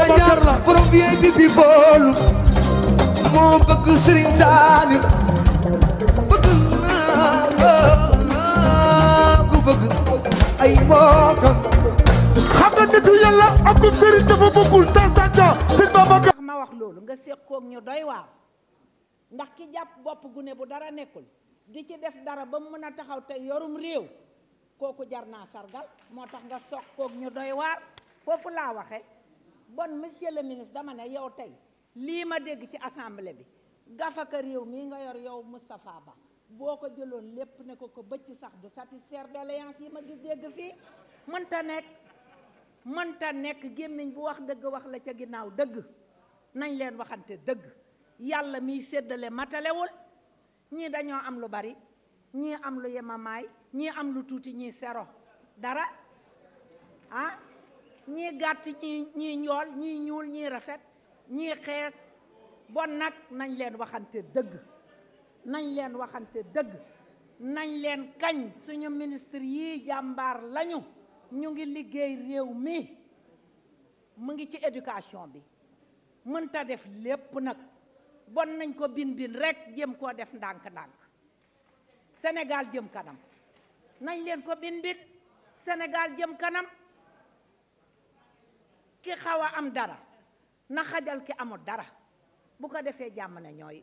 banyak borom VIP bi mau moo sering salim, Saliou aku naa ku bëgg ay mbokkam xam nga nitu yàlla ak Serigne saja, bëggul tasata ma nga gune bu dara di ci def dara ba mu taxaw te yorum sargal moo nga soog ñu doy waxe bon monsieur le ministre dama ne yow tey lii ma dégg ci assemblée bi gafaka réew mii nga yor yow Moustapha Ba boo ko jëloon lépp ne ko ko bëcc sax du satisfaire doléance yi ma gis dégg fii mënta nekk mënta nekk gémmiñ bu wax dëgg wax la ca ginnaaw dëgg nañ leen waxante dëgg yàlla miy séddale matalewul ñii dañoo am lu bari ñii am lu yemamaay ñii am lu tuuti ñii sero dara ñii gàtt ñii ñii ñool ñii ñuul ñii rafet ñii xees bon nag nañ leen waxante dëgg nañ leen waxante dëgg nañ leen kañ suñu ministre yii jàmbaar lañu ñu ngi liggéey réew mi mu ngi ci éducation bi mënta def lépp nag bon nañ ko bin bin rek jëm koo def ndànk-ndànk senegal jëm kanam nañ leen ko bin bin Sénégal jëm kanam ki xawa am dara na xajal ki amul dara bu ko defé jamm na ñoy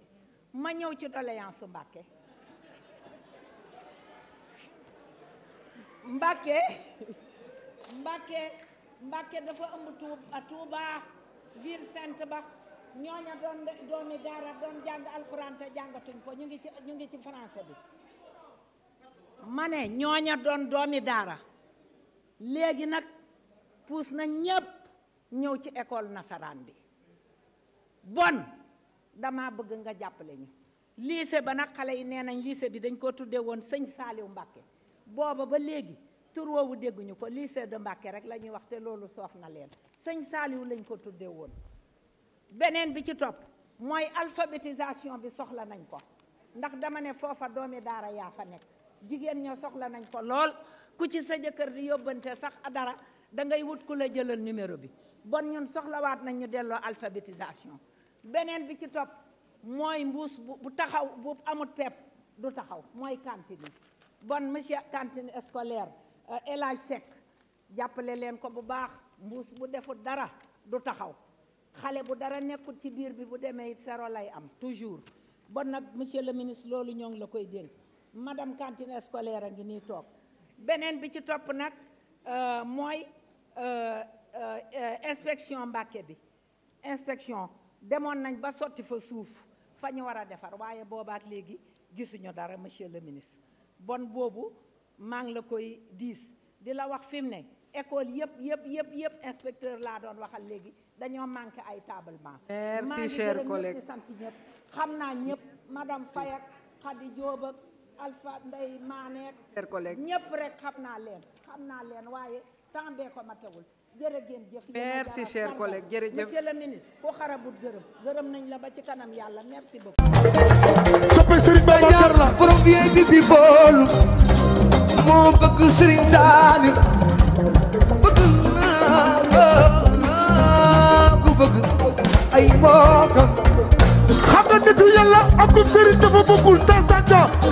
ma ñew ci doléance mbacké mbacké mbacké mbacké dafa ëmb Tuuba Tuuba ville sainte ba ñoña doon doomi dara doon jang alcorane ta jangatuñ ko ñu ngi ci ñu ngi ci français bi mané ñoña doon doomi na ñepp ñëw ci école nasaraan bi bon dama bëgg nga jàppale ñu liise ba nag xale yi nee nañ lycée bi dañ koo tuddee woon sëñ Saaliw Mbàkke booba ba léegi tur woowu dégguñu ko lycée de Mbàkke rek la ñuy wax te loolu soof na leen sëñ Saaliw lañ ko tuddee woon beneen bi ci topp mooy alphabétisation bi soxla nañ ko ndax dama ne foofa doomi daara yaa fa nekk jigéen ña soxla nañ ko lool ku ci sa jëkkër di yóbbante sax dara dangay wut ku la jëlal numéro bi bon ñun soxlawaat nañ ñu delloo alphabétisation beneen bi ci topp mooy mbuus bu taxaw bu amut pepp du taxaw mooy cantine bon monsieur cantine scolaire euh, El Hadj jàppale leen ko bu baax mbuus bu defut dara du taxaw xale bu dara nekkul ci biir bi bu demee it sero lay am toujours bon nag monsieur le ministre loolu ñoo ngi la koy dénk madame cantine scolaire a ngi nii toog beneen bi ci topp nag euh, mooy euh, Euh, euh, inspection Mbàkke bi inspection demoon nañ ba sotti fa suuf fa ñu war a defar waaye boobaat léegi gisuñu dara monsieur le ministre bon boobu maa ngi la koy diis di la wax fi mu ne école yëpp yëpp yëpp yëpp inspecteur laa doon waxal léegi dañoo manqué ay table banc merci cher collègue sant ñëpp xam naa ñëpp madame Faye ak Khady Diop ak Alpha Ndeye ñëpp rek xam naa leen xam naa leen waaye temps bee ko ma tegul jërëjëf merci cher collègue jërëjëf monsieur le ministre ku xarabut gërëm nañ la ba ci kanam yàlla merci beaucoup. soppe Serigne Babacar la premier bi bi boolu bëgg Serigne Saliou naa ku bëgg ay mbokkam xam nga nitu yàlla ak Serigne dafa bokkul tas